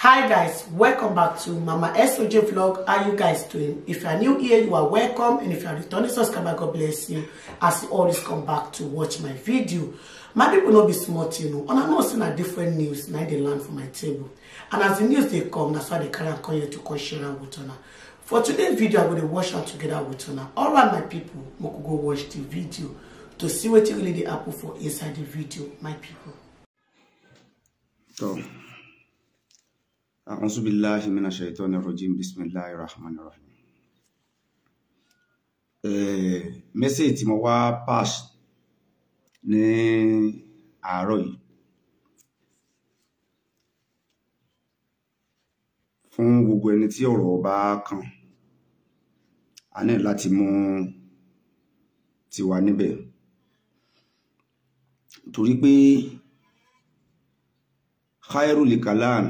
hi guys welcome back to mama soj vlog how you guys doing if you are new here you are welcome and if you are returning subscriber god bless you as you always come back to watch my video my people not be small you know and i know say a different news Now they land for my table and as the news they come that's why they dey carry am come here to come share am with una for today's video i go dey watch out together with una all right my people we go watch the video to see what you really The apple for inside the video my people. So. أعوذ بالله من الشيطان الرجيم بسم الله الرحمن الرحيم mẹ́sẹ̀jì tí mo wá pass ní àárọ̀ yìí fún gbogbo ẹni tí ọ̀rọ̀ bá kàn á ní láti mú tiwa níbẹ̀ torí pé khairul kalam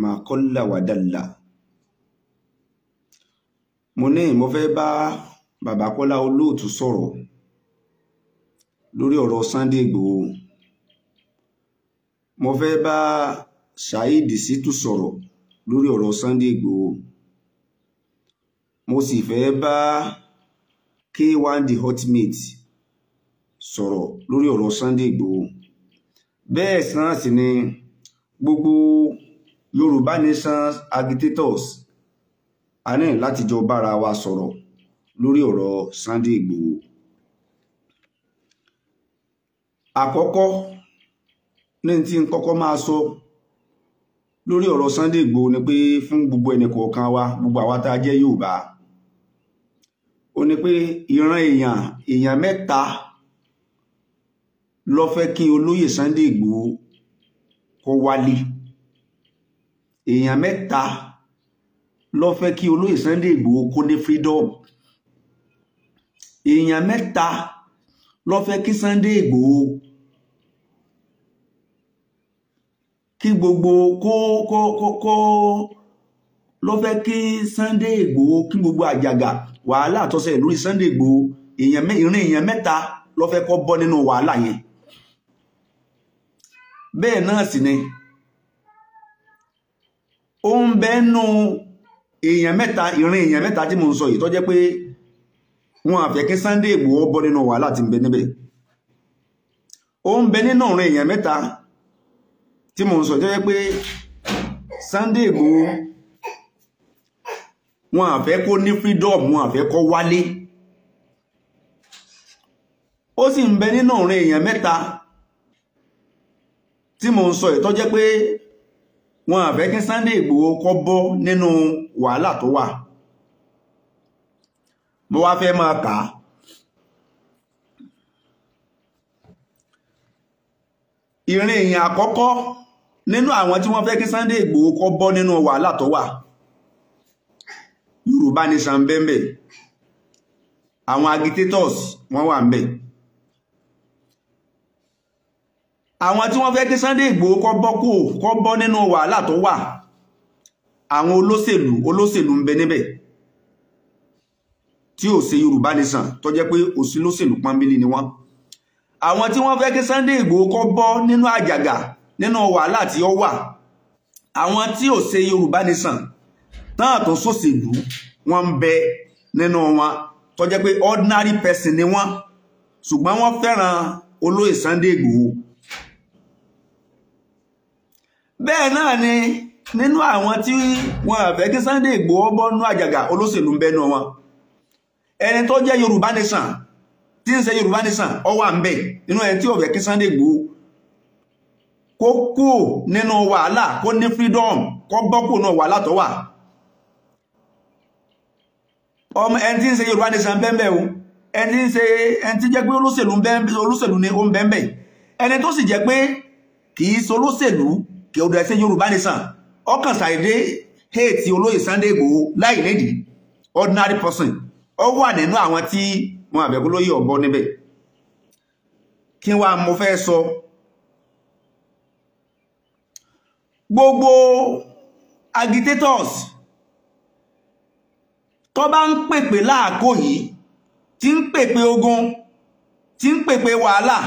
máa kọ́là wàdàlà mo ní mo fẹ́ bá bàbá Kọ́lá Olóòtú sọ̀rọ̀ lórí ọ̀rọ̀ Sunday Igboho mo fẹ́ bá Saheed Shittu sọ̀rọ̀ lórí ọ̀rọ̀ Sunday Igboho mo sì fẹ́ bá K1 the Ultimate sọ̀rọ̀ lórí ọ̀rọ̀ Sunday Igboho bẹ́ẹ̀ náà sì ni gbogbo yorùbá nation agitators a ní láti jọ bára wa sọ̀rọ̀ lórí ọ̀rọ̀ Sunday Igboho àkọ́kọ́ ní tí n kọ́kọ́ máa sọ lórí ọ̀rọ̀ Sunday Igboho ni pé fún gbogbo ẹnìkọ̀ọ̀kan wa gbogbo àwa tá a jẹ́ yorùbá ó ní pé ìran èèyàn èèyàn mẹ́ta ló kí olóyè Sunday Igboho kó wálé. èèyàn mẹ́ta ló fẹ́ kí olóyè Sunday Ìgbòho kó ní freedom èèyàn mẹ́ta ló fẹ́ kí Sunday Ìgbòho kí gbogbo kó kó kó kó ló fẹ́ kí Sunday Ìgbòho kí gbogbo àjàgà wàhálà tó ṣẹlẹ̀ lórí Sunday Ìgbòho èèyàn ìrìn èèyàn mẹ́ta ló fẹ́ kó bọ́ nínú wàhálà yẹn bẹ́ẹ̀ náà sì ni. No ó ń bẹ́nu èèyàn mẹ́ta ìrìn èèyàn mẹ́ta tí mo ń sọ yìí tó jẹ́ pé wọn àfẹ́ Sunday Igboho bọ́ nínú wàhálà tí ń bẹ níbẹ̀ ó ń bẹ nínú ìrìn tí mo ń sọ tó jẹ́ pé Sunday Igboho wọn àfẹ́ kó ní freedom wọn àfẹ́ kó wálé ó sì ń bẹ nínú ìrìn èèyàn mẹ́ta sọ yìí tó wọn àfẹ́ kí Sunday Ìgbòho kọ́ bọ́ nínú wàhálà tó wà mo wá fẹ́ máa kà á ìrìn èèyàn àkọ́kọ́ nínú àwọn tí wọ́n fẹ́ kí Sunday Ìgbòho kọ́ bọ́ nínú wàhálà tó wà Yorùbá Nation bẹ́ẹ̀ àwọn agitators wọ́n wà ń bẹ́ẹ̀. àwọn tí wọ́n fẹ́ kí Sunday Igboho kọ́ bọ́ kó kọ́ bọ́ nínú wàhálà tó wà àwọn olóṣèlú olóṣèlú ń bẹ níbẹ̀ tí ò ṣe Yorùbá nìsàn tó jẹ́ pé òsì lóṣèlú pọ́nbílì ni wọ́n àwọn tí wọ́n fẹ́ kí Sunday Igboho kọ́ bọ́ nínú àjàgà nínú wàhálà tí ó wà àwọn tí ò ṣe Yorùbá nìsàn náà tó ṣòṣèlú wọ́n ń bẹ nínú wọn tó jẹ́ pé ordinary person ni wọ́n ṣùgbọ́n wọ́n fẹ́ràn olóyè Sunday Igboho bẹ́ẹ̀ náà ni nínú àwọn tí wọn àfẹ́ kí Sunday Igboho bọ́nú àjàgà olóṣèlú ń bẹ́nu wọn ẹni tó jẹ́ Yorùbá Nation tí ń ṣe Yorùbá Nation ó wà ń bẹ̀ nínú ẹni tí ó fẹ́ kí Sunday Igboho kó kú nínú wàhálà kó ní freedom kó gbọ́kù nínú wàhálà tó wà ọmọ ẹni tí ń ṣe Yorùbá Nation bẹ́ẹ̀ bẹ́ẹ̀ o ẹni ń ṣe ẹni tí jẹ́ pé olóṣèlú ni ó ń bẹ́ẹ̀ ẹni tó sì jẹ́ pé kì í ṣolóṣèlú kí odò ẹsẹ Yorùbá nìsan ọkàn ṣàìdé hate olóyè Sunday Igboho láì lédìí ordinary person ó wà nínú àwọn tí wọn àbẹ̀kú lóyè ọ̀bọ níbẹ̀ kí wá mo fẹ́ sọ gbogbo agitators tó bá ń pèpè láàkó yìí tí ń pèpè ogun tí ń pèpè wàhálà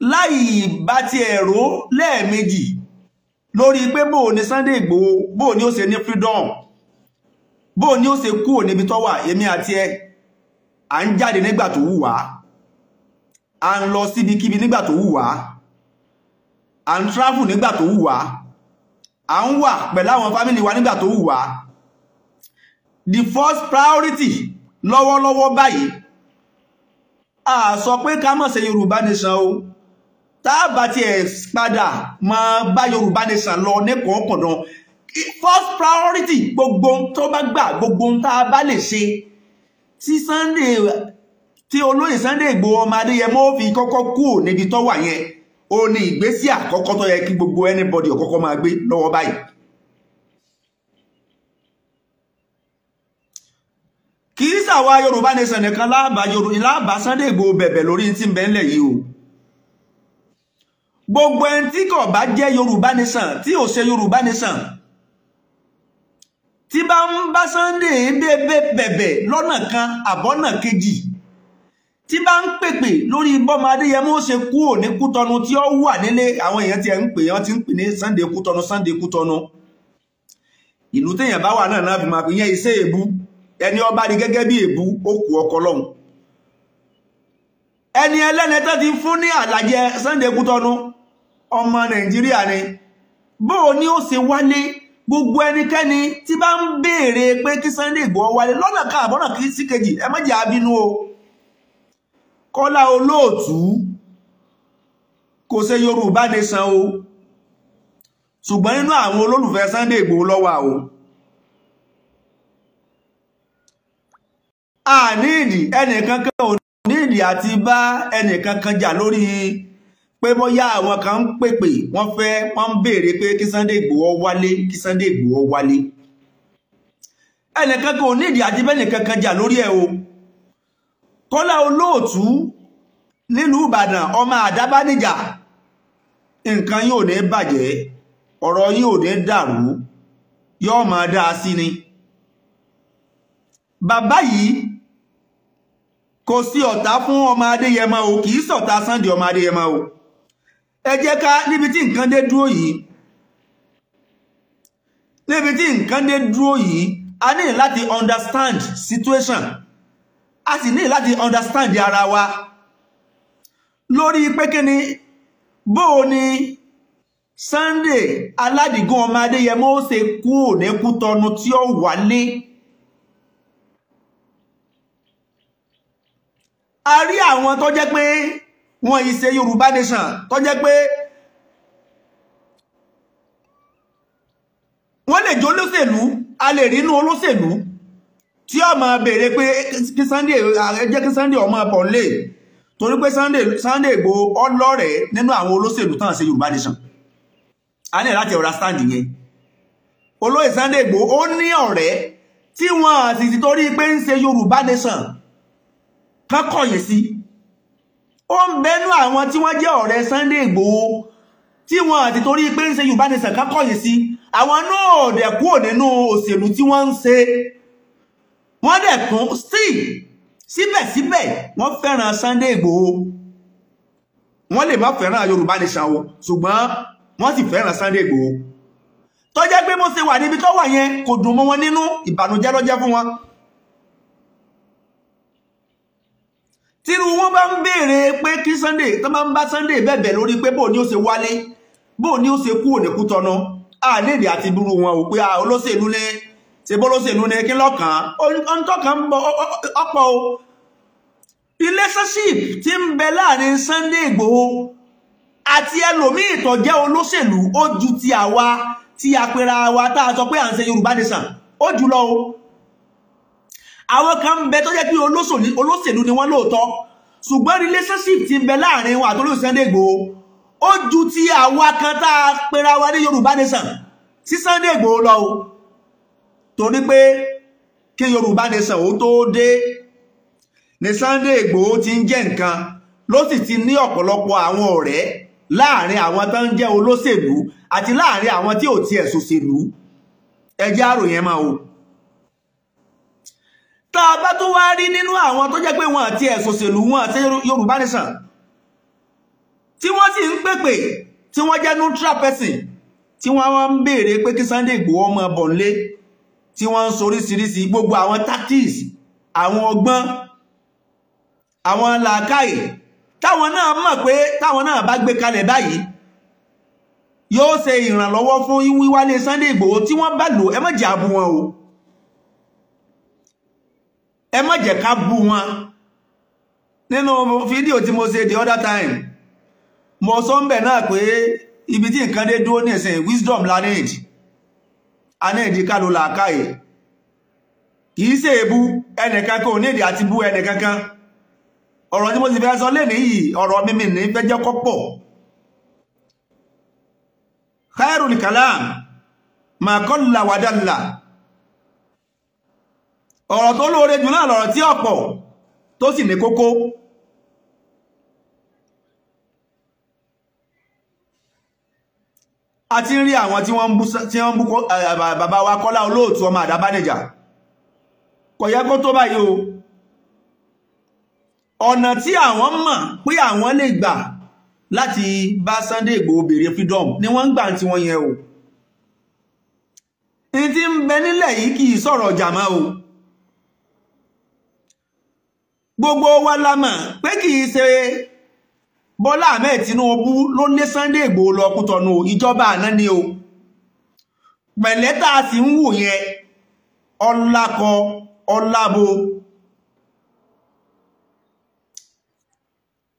láì bá ti ẹ̀rọ lẹ́ẹ̀mejì lórí pé bò ní Sunday Igboho bò ní ó ṣe ní freedom bò ní ó ṣe kúrò níbi tó wà èmi àti ẹ à ń jáde nígbà tó wù à ń lọ síbikíbi nígbà tó wù à ń travel nígbà tó wù wá à ń wà pẹ̀lú àwọn fámìlì wa nígbà tó wù the first priority lọ́wọ́lọ́wọ́ báyìí a sọ pé ká mọ̀ ṣe Yorùbá nation o táàbà ti ẹ̀ padà máa bá yorùbá nation lọ nẹ́kọ̀ọ́ kọ̀dán first priority gbogbo tó bá gbà gbogbo tá a bá lè ṣe tí Sunday tí olóyè Sunday Ìgbòho ọmọ Adéyẹmọ fi kọ́kọ́ kúrò níbi tó wà yẹn ó ní ìgbésí àkọ́kọ́ tó yẹ kí gbogbo anybody ọ̀kọ́kọ́ máa gbé lọ́wọ́ báyìí. kì í ṣàwa yorùbá nation nìkan láàbà Sunday Ìgbòho bẹ̀bẹ̀ lórí tí ń bẹ ńlẹ̀ yìí o gbogbo ẹni tí kò bá jẹ́ yorùbá nation tí ò ṣe yorùbá nation tí bá ń bá Sunday bèbè bẹ̀bẹ̀ lọ́nà kan àbọ́nà kejì tí bá ń pèpè lórí bọ́mọ adéyẹmọ ó ṣe kú ò ní kútọnu tí ó wà nílé àwọn èèyàn tí ẹ ń pè wọn ti ń pè ní Sunday kútọnu Sunday kútọnu ìlú téèyàn bá wà náà náà fi máa pè yẹn iṣẹ́ èbú ẹni ọba rí gẹ́gẹ́ bí èbú ó kù ọkọ lọ́hùn ẹni ẹlẹ́ni tó ti fún ní àlàjẹ Sunday kútọnu ọmọ nàìjíríà ni bóò ni ó ṣe wálé gbogbo ẹnikẹ́ni tí bá ń béèrè pé kí Sunday Igboho wálé lọ́nà kan àbọ̀nà kí sí kejì ẹ má jẹ́ abínú o Kọ́lá Olóòtú kò ṣe Yorùbá nation o ṣùgbọ́n nínú àwọn olólùfẹ́ Sunday Igboho ló wà o a níìdì ẹnìkankan ò níìdì àti bá ẹnìkankan jà lórí pé bóyá àwọn kan ń pèpè wọn fẹ wọ́n ń béèrè pé kí Sunday Igboho wálé kí Sunday Igboho wálé ẹnìkan kan ò nídìí àti bẹ́nìkan kan jà lórí ẹ̀ o Kọ́lá Olóòtú nílùú Ìbàdàn ọmọ àdábánijà nǹkan yóò ní bàjẹ́ ọ̀rọ̀ yóò ní dàrú yóò máa dá a sí ni bàbá yìí kò sí ọ̀tá fún ọmọ Adéyẹmọ o kì í sọ̀tá Sunday ọmọ Adéyẹmọ o. ẹ jẹ́ ká níbi tí nǹkan dé dúró yìí níbi tí nǹkan dé dúró yìí a ní láti understand situation a sì ní láti understand ara wa lórí pé kí ni bóò ni Sunday Aládìgún ọmọ Adéyẹmọ ó ṣe kú òníkú tọnu tí ó wálé a rí àwọn tó jẹ́ pé wọn yìí ṣe Yorùbá nation tó jẹ́ pé wọ́n lè jó olóṣèlú a lè rí inú olóṣèlú tí ó máa béèrè pé kí Sunday jẹ́ kí Sunday ọmọ ọ̀pọ̀ lè torí pé Sunday Igboho ọlọ́rẹ̀ẹ́ nínú àwọn olóṣèlú tán ṣe Yorùbá nation a ní láti ọ̀rá stand yẹn olóyè Sunday Igboho ó ní ọ̀rẹ́ tí wọ́n sì ti torí pé ń ṣe Yorùbá nation kọ́kọ̀yìn sí ó ń bẹnu àwọn tí wọ́n jẹ́ ọ̀rẹ́ Sunday Igboho tí wọ́n àti torí pé ń ṣe Yorùbá nìsàn kan kọ̀yìn sí àwọn náà dẹ̀ kúrò nínú òṣèlú tí wọ́n ń ṣe wọ́n dẹ̀ tún sí síbẹ̀síbẹ̀ wọ́n fẹ́ràn Sunday Igboho wọ́n lè má fẹ́ràn Yorùbá nìsàn o ṣùgbọ́n wọ́n sì fẹ́ràn Sunday Igboho tó jẹ́ pé mo ṣe wà níbi tó wà yẹn kò dùn mọ́ wọn nínú ìbànújẹ́ ló fún wọn tírú wọn bá ń béèrè pé kí Sunday tó máa ń bá Sunday bẹ̀bẹ̀ lórí pé bóun ni ó ṣe wálé bóun ni ó ṣe kú òní kú tọ́nà àlédè àti burú wọn ò pé olóṣèlú ní ṣe bó olóṣèlú ní kí lọ́kàn án tọ́kàn ń bọ ọ̀pọ̀ o relationship ti ń bẹ láàrin Sunday Ìgbòho àti ẹlòmíì tó jẹ́ olóṣèlú ó ju ti àwa ti àpẹẹrẹ wa tá a sọ pé à ń ṣe Yorùbá nation ó jùlọ o àwọn kan ń bẹ tó jẹ́ pé olóṣèlú ni wọ́n lóòótọ́ ṣùgbọ́n relationship ti ń bẹ láàrin wọn àtolóyè Sunday Igboho ó ju ti àwa kan tá a pera wa ní Yorùbá nation sí Sunday Igboho lọ o torí pé kí Yorùbá nation ó tó dé ni Sunday Igboho ti ń jẹ́ nǹkan ló sì ti ní ọ̀pọ̀lọpọ̀ àwọn ọ̀rẹ́ láàrin àwọn tó ń jẹ́ olóṣèlú àti láàrin àwọn tí ò tiẹ̀ ṣòṣèlú ẹjẹ́ àròyìn máa o. rí nínú àwọn tó jẹ́ pé wọn àti ẹ̀sùn òṣèlú wọn àti Yorùbá nation tí wọ́n sì ń pèpè tí wọ́n jẹ́ neutral person tí wọ́n wá ń béèrè pé kí Sunday Igboho ọmọ bọ̀nlé tí wọ́n ń soríṣiríṣi gbogbo àwọn tactics àwọn ọgbọ́n àwọn làákàyè táwọn náà mọ̀ pé táwọn náà bá gbé kalẹ̀ báyìí yóò ṣe ìrànlọ́wọ́ fún wíwálé Sunday Igboho tí wọ́n bá lò ẹ má jẹ́ àbú o. ẹ má jẹ́ ká bú wọn nínú fídíò tí mo ṣe the other time mo sọ ń bẹ náà pé ibi tí nǹkan dé dúró wisdom la need a làákàyè kìí ṣe èbú ẹnìkan kò ní àti bú ọ̀rọ̀ tí mo ti fẹ́ sọ lé ní fẹ́ jẹ́ ma ọ̀rọ̀ tó lóore jù náà lọ̀rọ̀ tí ọ̀pọ̀ tó sì ní kókó a ti ń rí àwọn tí wọ́n ń bú bàbá wa Kọ́lá Olóòtú ọmọ Àdábánijà kò yẹ kó tó báyìí o ọ̀nà tí àwọn mọ̀ pé àwọn lè gbà láti bá Sunday Igboho béèrè freedom ni wọ́n ń gbà tí wọ́n yẹn o ní tí ń bẹ nílẹ̀ yìí kì í sọ̀rọ̀ jàmá o. gbogbo wa la mọ̀ pé kì í ṣe Bọ́lá Ahmed Tinubu ló ní Sunday Igboho lọ Kútọ̀nù ìjọba àná ni o pẹ̀lẹ́ tá a sì ń wù yẹn ọlákọ ọlábo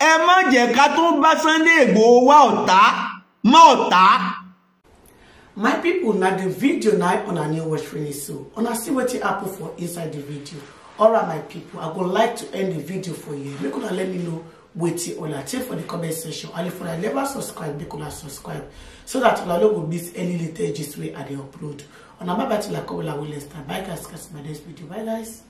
ẹ má jẹ́ ká tó bá Sunday Igboho wá ọ̀tá má ọ̀tá my pipo na di video na i una new watch finish so una see wetin happen for inside di video Alright, my people i would like to end the video for you make una let me know wetin una think for the comment section and if una never subscribe make una subscribe so that una no go miss any little gist way i dey upload una bye bye till i come una wey next bye guys catch my next video bye guys.